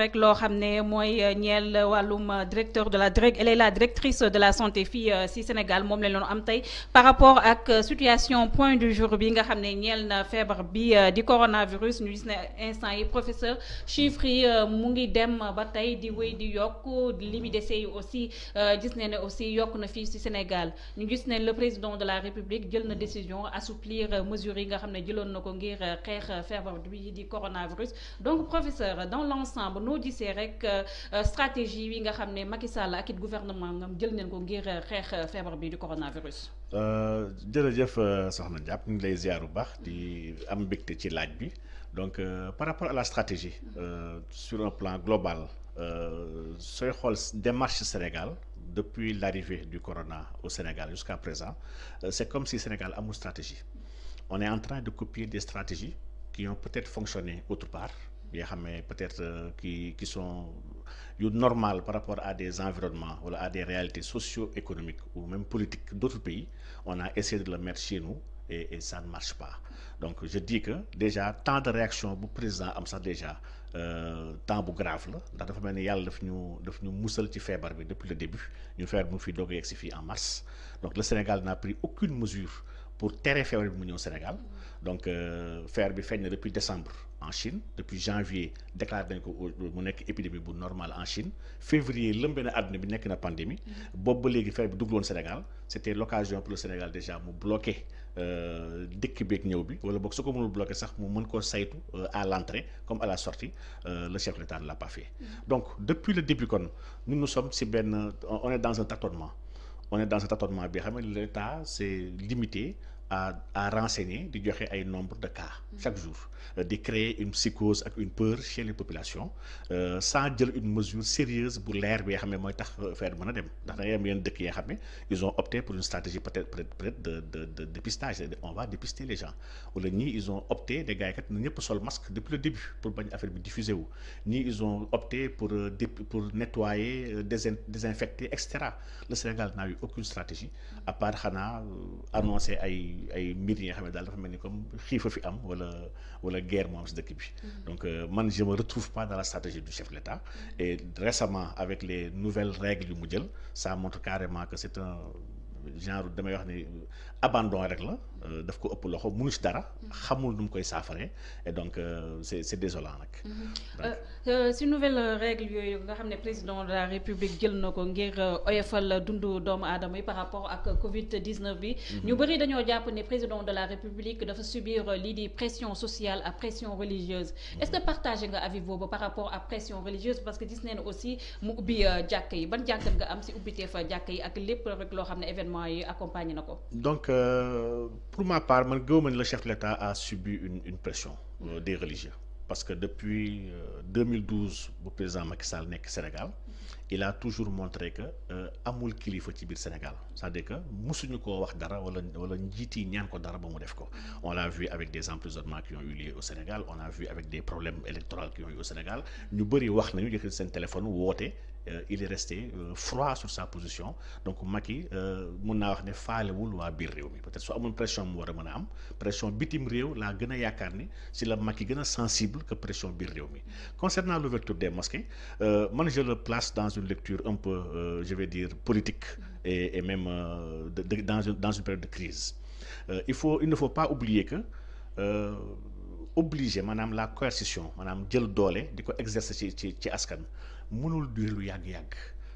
rek loo xam ne mooy euh, ñeel euh, wàllum euh, directeur de la direct elle la directrice de la santé fii si Sénégal moom lañ loon am tey par rapport ak situation point du jour bi nga xam ne ñeel na feebar bi di coronavirus ñu gis ne instant yi professeur chiffre yi mu ngi dem ba tey di wéy di yokk li mu dese yi aussi gis ne ne aussi yokk na fii si Sénégal ñu gis ne le président de la République jël na décision assouplir mesures yi nga xam ne jëloon na ko ngir xeex feebar noo gisee rek euh, stratégie yi nga xam ne Macky Sall ak it gouvernement ngam jël nañ ko ngir xeex feebar bi di coronavirus. Euh, jërëjëf euh, soxna Diapp ñu ngi lay ziar bu baax di am mbégte ci laaj bi donc par rapport à la stratégie sur un plan global sooy xool démarche Sénégal. depuis l'arrivée du corona au Sénégal jusqu'à présent, c'est comme si Sénégal a stratégie. On est en train de copier des stratégies qui ont peut-être fonctionné autre part, bi nga xam ne peut-être euh, qui qui sont yu normal par rapport à des environnements wala à des réalités socio-économiques ou même politiques d'autres pays on a essayé de le mettre chez nous et et marche pas donc je dis que déjà temps de réaction bu président am sax déjà euh, temps bu grave la ndax dafa mel ni yàlla daf ñu daf ñu musal ci feebar bi depuis le début ñu feebar bu mu fi doog a si fii en mars donc le Sénégal n'a pris aucune mesure pour tere feebar bi mu ñëw Sénégal donc euh, feebar bi feeñ na depuis décembre en Chine depuis janvier déclaré nañ ko mu nekk épidémie bu normale en Chine février lëmbe na àdduna bi nekk na pandémie mm-hmm. boobu ba léegi feebar bi dugloon Sénégal c' était l' occasion pour le Sénégal déjà mu bloqué euh, dëkk beeg ñëw bi wala boo su ko mënul bloqué sax mu mën koo saytu euh, à l' comme à la sorti le chef de l' état ne l'a mm-hmm. donc depuis le début kon ñun nous sommes si benn on on est dans ce tâtonnement bi xam nga l'état c'est à à renseigner di joxe ay nombre de cas chaque mm. jour euh, di créer une psychose ak une peur chez population san euh, sans jël une mesure sérieuse bu leer bi nga xam ne mooy tax euh, faire mën a dem ndax da ngay am yenn dëkk yi nga xam ne ils ont opté pour une stratégie peut-être peut-être de de de dépistage on va dépister les gens wala ñii ils ont opté des gars yi kat ñëpp sol masque depuis le début pour bañ affaire bi diffuser ñii ils ont opté pour pour nettoyer désinfecter et cetera le Sénégal n'a eu aucune stratégie à ay mbir yi nga xam ne daal dafa mel ni comme xiifa fi am wala wala guerre moo am si dëkk bi mhm. donc euh, man je me retrouve pas dans la stratégie du chef de l'État mhm. et récemment avec les nouvelles règles yu mu jël ça montre carrément que c'est un genre damay wax ni abandon rek la euh, daf ko ëpp loxo mënu si dara. xamul nu mu koy saafaree et donc euh, c' est c' est désolant nag. si mhm. euh, nouvelle règle yooyu nga xam ne président de la république jël na ko ngir oyofal dundu doomu aadama yi par rapport ak Covid 19 bi. Mhm. ñu bëri dañoo jàpp ne président de la république dafa subir lii di pression sociale ak pression religieuse mhm. est ce que partagé nga avis boobu par rapport à pression religieuse parce que gis neen aussi mu ubbi jàkk yi ban jàkkat nga am si ubbitee fa yi ak lépp rek loo xam ne événement yi accompagné na ko. pour ma part man gëw ma ne le chef de l'État a subi une une pression euh, des religieux parce que depuis 2012 euh, bu président Macky Sall nekk Sénégal il a toujours montré que euh, amul kilifa ci biir Sénégal sa à dire que musuñu koo wax dara wala wala njiit yi ñaan ko dara ba mu def ko on l'a vu avec des emprisonnements qui ont eu lieu au Sénégal on a vu avec des problèmes électoraux qui ont eu Sénégal ñu bëri wax nañu yëkkati seen téléphone woote Euh, il est resté euh, froid sur sa position donc Macky euh, mun naa wax ne faalewul waa biir réew mi peut-être su amoon pression mu war a mën a am pression bitim réew laa gën a yaakaar ni si la Macky gën a sensible que pression biir réew mi concernant l'ouverture de mosquées man je le place dans une lecture un peu je vais dire politique et et même de dans une dans une période de crise il faut il ne faut pas oublier que obligé maanaam la coercition maanaam jël doole di ko exercer ci ci ci askan mënul durer lu yàgg-yàgg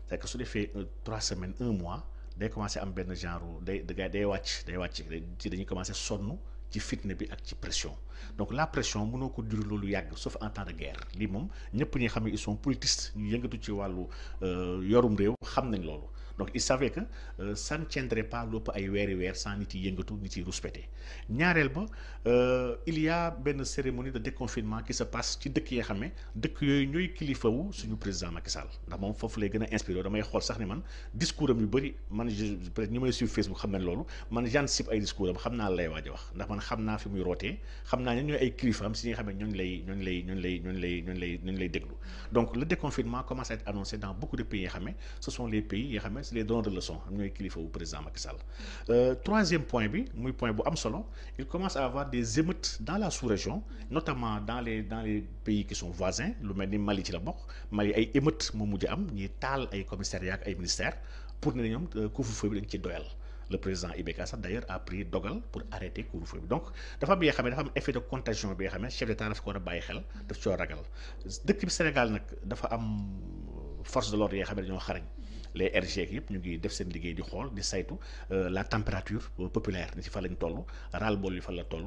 c'est que su defee euh, trois semaines un mois day commencé am benn genre day day day wàcc day wàcc ci dañuy commencé sonn ci fitna bi ak ci pression donc la pression mënoo ko durer loolu yàgg sauf en temps de guerre lii moom ñëpp ñi xam ne ils sont politistes ñu yëngatu ci wàllu euh, yorum réew xam nañ loolu donc il savait que euh, ça ne tiendrait pas lépp ay weeri weer sans nit yi yëngatu nit yi rouspété ñaareel ba euh, il y a benn cérémonie de déconfinement qui se passe ci dëkk yi nga ne dëkk yooyu ñooy kilifawu suñu président Macky Sall ndax moom foofu lay gën a inspiré damay xool sax ni man discours am yu bëri man peut-être ñi may suivre Facebook xam nañ loolu man j'anticipe ay discours am xam naa lay waaj a wax ndax man xam naa fi muy rootee xam naa ñooy ay kilifaam si ñi moins les donneurs de leçons am ñooy kilifa wu président Macky Sall euh, troisième point bi muy point bu am solo il commence à avoir des émeutes dans la sous-région notamment dans le dans les pays qui sont lu mel ni Mali ci la bokk Mali ay émeutes moo mujj am ñuy taal ay commissariats ak ay ministères pour ne ñoom euh, couvre-feu bi dañ ci doyal le président IBK sax d'ailleurs a pris dogal pour arrêter couvre-feu bi donc dafa am xam ne dafa am effet de contagion bi nga xam ne chef xel daf ci war a ragal dëkk Sénégal nag dafa am euh, force de l'ordre xam ne dañoo xarañ les RG yëpp ñu ngi def seen liggéey di xool di saytu euh, la température euh, populaire ni ci fa lañ toll ras bool bol yi fan la toll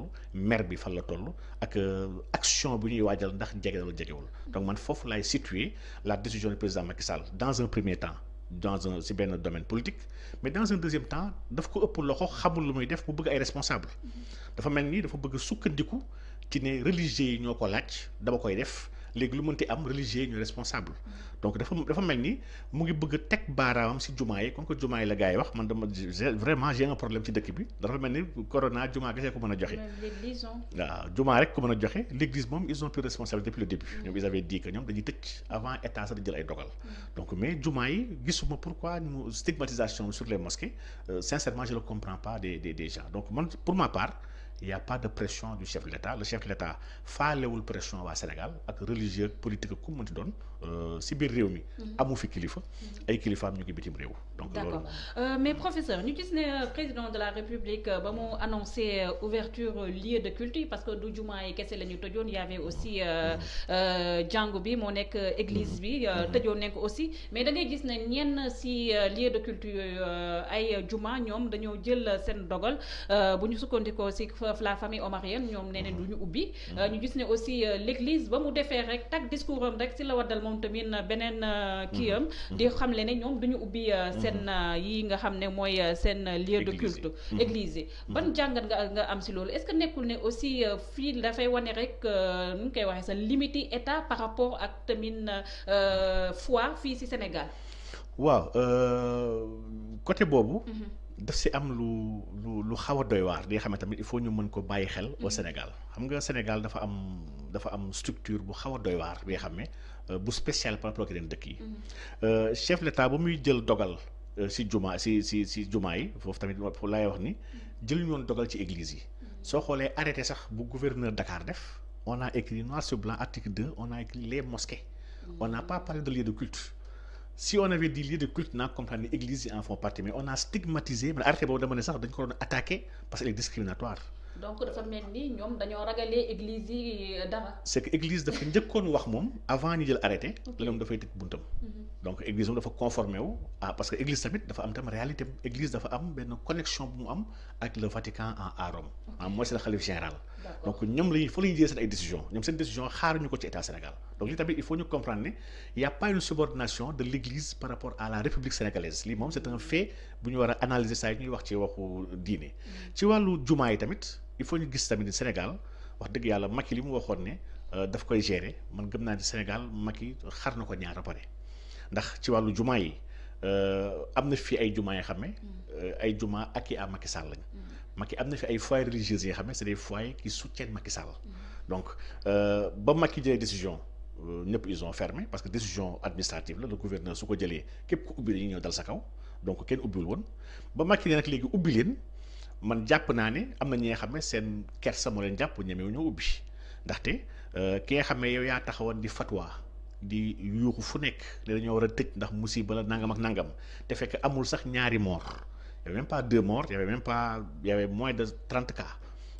mer bi fan la toll ak euh, action bu ñuy waajal ndax jege wala jegewul donc man foofu laay situer la décision du président Macky Sall dans un premier temps dans un si benn domaine politique mais dans un deuxième temps daf ko ëpp loxo xamul lu muy def mu bëgg ay responsable mm-hmm. dafa mel nii dafa bëgg sukkandiku ci ne religieux yi ñoo ko laaj dama koy def léegi lu mënti am religieux ñu responsable donc dafa dafa mel ni mu ngi bëgg a teg baaraamam si jumaa yi comme que jumaa yi la gars yi wax man dama vraiment j'ai problème ci dëkk bi dafa mel ni corona jumaa kese ko mën a joxe waaw jumaa rek ko mën a joxe l'église moom ils ont plus responsable depuis le début ñoom ils avaient mm. jumaa yi gisuma pourquoi ñu stigmatisation sur les mosquées euh, sincèrement je ne comprends pas des des des donc man pour ma part il y a pas de pression du chef de l'État le chef de l'État faalewul pression waa Sénégal ak religieux politique ku mu mënti doon euh, si biir réew mi. Mhm. amu fi kilifa. Mhm. ay kilifaam ñu ngi bitim réew. donc euh, mais professeur ñu gis ne euh, président de la République ba mu annoncé ouverture lieu de culte parce que du jumaa yi kese la ñu tëjoon y aussi mhm. jàngu bi moo nekk église bi. tëjoon nekk aussi mais da gis ne ñenn si lieu de culte ay juma ñoom dañoo jël seen dogal preuve la famille omarienne ñoom nee ne du ñu ubbi mm-hmm. euh, ñu gis ne aussi euh, l'église ba mu defee rek tak discours am rek si la waddal moom tamit beneen euh, kii mm-hmm. am mm-hmm. di xam le ne ñoom du ñu ubbi seen yi nga xam ne mooy seen lieu de culte église yi ban jàngat nga nga am si loolu est-ce que nekkul ne aussi fii dafay wane rek nu ñu koy waxee sa limité état par rapport ak tamit foi fii si Sénégal waaw côté boobu daf si am lu lu lu xaw a doy waar li nga xam ne tamit il faut ñu mën ko bàyyi xel au mm-hmm. Sénégal xam nga Sénégal dafa am dafa am structure bu xaw a doy waar bi nga xam ne euh, bu spécial par rapport ak yeneen dëkk yi mm-hmm. euh, chef l'État ba muy jël dogal euh, si juma si si si juma yi foofu tamit laay wax ni mm-hmm. jël ñu woon dogal ci église yi soo xoolee arrêté sax bu gouverneur Dakar def on a écrit noir sur blanc article 2 on a écrit les mosquées on n'a pas parlé de lieu de culte si on avait dit lieu de culte naa comprendre ni église yi en font partie mais on a stigmatisé man arrêté boobu dama ne sax dañ ko doon attaqué parce que elle est discriminatoire. donc dafa mel ni ñoom dañoo ragalee église yi euh, dara. c' est wax moom avant ñu jël arrêté. la ñoom dafay tëj buntam. Mhm. donc église moom dafa conformé wu. ah parce que église tamit dafa am tam réalité église dafa am benn connexion bu mu am ak le Vatican en à Rome. en ah, mooy c'est le xalif général. donc ñoom la ñuy fa la jëlee seen ay décision ñoom seen décision xaaruñu ko ci état Sénégal donc li tamit il faut ñu comprendre ne y' a pas subordination de l' église par rapport à la république sénégalaise lii moom c' est un fait bu ñu war a analyser saa yi ñuy wax ci waxu diine. Mm. ci wàllu jumaa yi tamit il faut ñu gis tamit Sénégal wax dëgg yàlla Macky li mu waxoon ne euh, daf koy gérer man gëm naa ne Sénégal Macky xar na ko ñaar a pare ndax ci wàllu jumaa yi euh, am na fi ay jumaa yoo xam ne mm. euh, ay jumaa ak i à Macky Sall Macky am na fi ay foyers religieux yi nga xam ne c'est des foyers qui soutiennent Macky Sall. Mm-hmm. donc euh, ba Macky jëlee décision euh, ñëpp ils ont fermé parce que décision administrative la le gouverneur su ko jëlee képp ko ubbi dañuy ñëw dal sa kaw donc kenn ubbiwul woon ba Macky ne nag léegi ubbi leen man jàpp naa ne am na ñi nga xam ne seen kersa moo leen jàpp ñemewu ñoo ubbi ndaxte euh, ki nga xam ne yow yaa taxawoon di fatwa di yuuxu fu nekk dañoo war a tëj ndax musiba la nangam ak nangam te fekk amul sax ñaari moor. il y avait pas deux morts il y moins de trente cas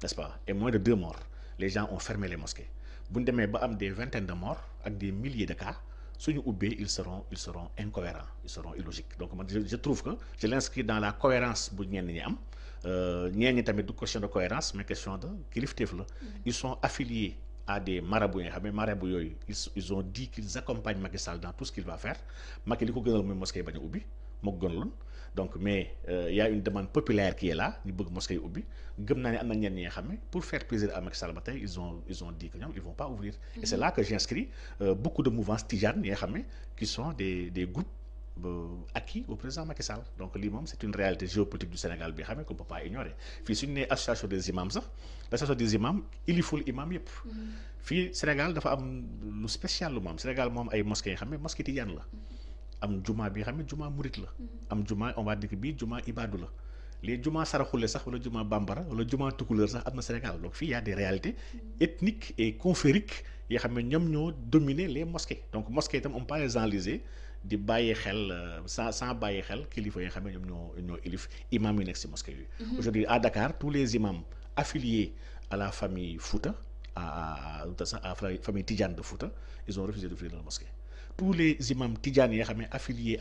n'est-ce pas et moins de deux morts les gens ont fermé les mosquées bu ñu demee ba am des vingtaines de morts ak des milliers de cas suñu ubbee ils seront ils seront incohérents ils seront illogiques donc man je, trouve que je l'inscris dans la cohérence bu ñenn ñi am euh, ñeen ñi tamit du question de cohérence mais question de kilifteef la ils sont affiliés à des marabouts yi nga xam yooyu ils ils ont dit qu'ils accompagnent Macky Sall dans tout ce moo gënoon donc mais euh, y a une demande populaire qui est là ñu bëgg mosquée yi ubbi gëm naa ne am na ñenn ñi nga xam ne pour faire plaisir à Macky Sall ba tey ils ont ils ont dit que ñoom ils vont pas ouvrir. et c'est mm-hmm. là que j'inscris euh, de mouvances tijanes yi nga xam ne qui sont des des groupes. Euh, acquis au président Macky Sall donc lii moom c'est une réalité géopolitique du Sénégal bi xamee qu'on peut pas ignorer fii suñu nee association des imams sax l'association des imams iliful mm-hmm. fii Sénégal dafa am lu spécial lu moom Sénégal moom ay mosquées yi xam ne mosquée tidiane la mm-hmm. am juma bi nga xam ne juma murit la. am juma on va dire bii juma ibadu la les juma saraxule sax wala jumaa bambara wala juma tukuleur sax am na Sénégal donc fii y a des réalités ethniques et confrériques yoo xam ne ñoom ñoo dominer les mosquées donc mosquées tam om peut les enliser di bàyyi xel san sans bàyyi xel kilifa yi nga xam ne ñoom ñoo ñoo ilif imam yi nekk si mosquée yooyu. aujourd'hui à Dakar tous les imams affiliés a la famille Fouta a à à famille Tidiane de tous les imams tidjani yi nga xam ne affiliés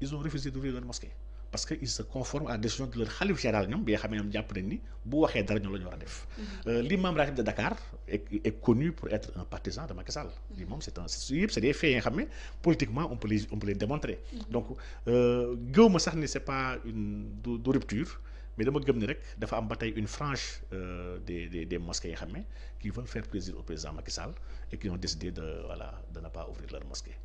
ils ont refusé d'ouvrir leur mosquée parce que ils se conforment à décision de leur xalif général ñoom bi nga ñoom jàpp nañ ni bu waxee dara ñoom la war a def. Mhm. Euh, l'imam ratib de Dakar est, connu pour être un partisan de Macky Sall. moom c'est un yëpp c'est des faits yi nga politiquement on peut les on mhm. donc euh, gëw sax ni c'est pas une du rupture. mais dama gëm ni rek dafa am ba tey une frange euh, des des des yi xam ne qui veulent faire plaisir au président Macky Sall et qui ont décidé de voilà de ne pas ouvrir leur mosquée.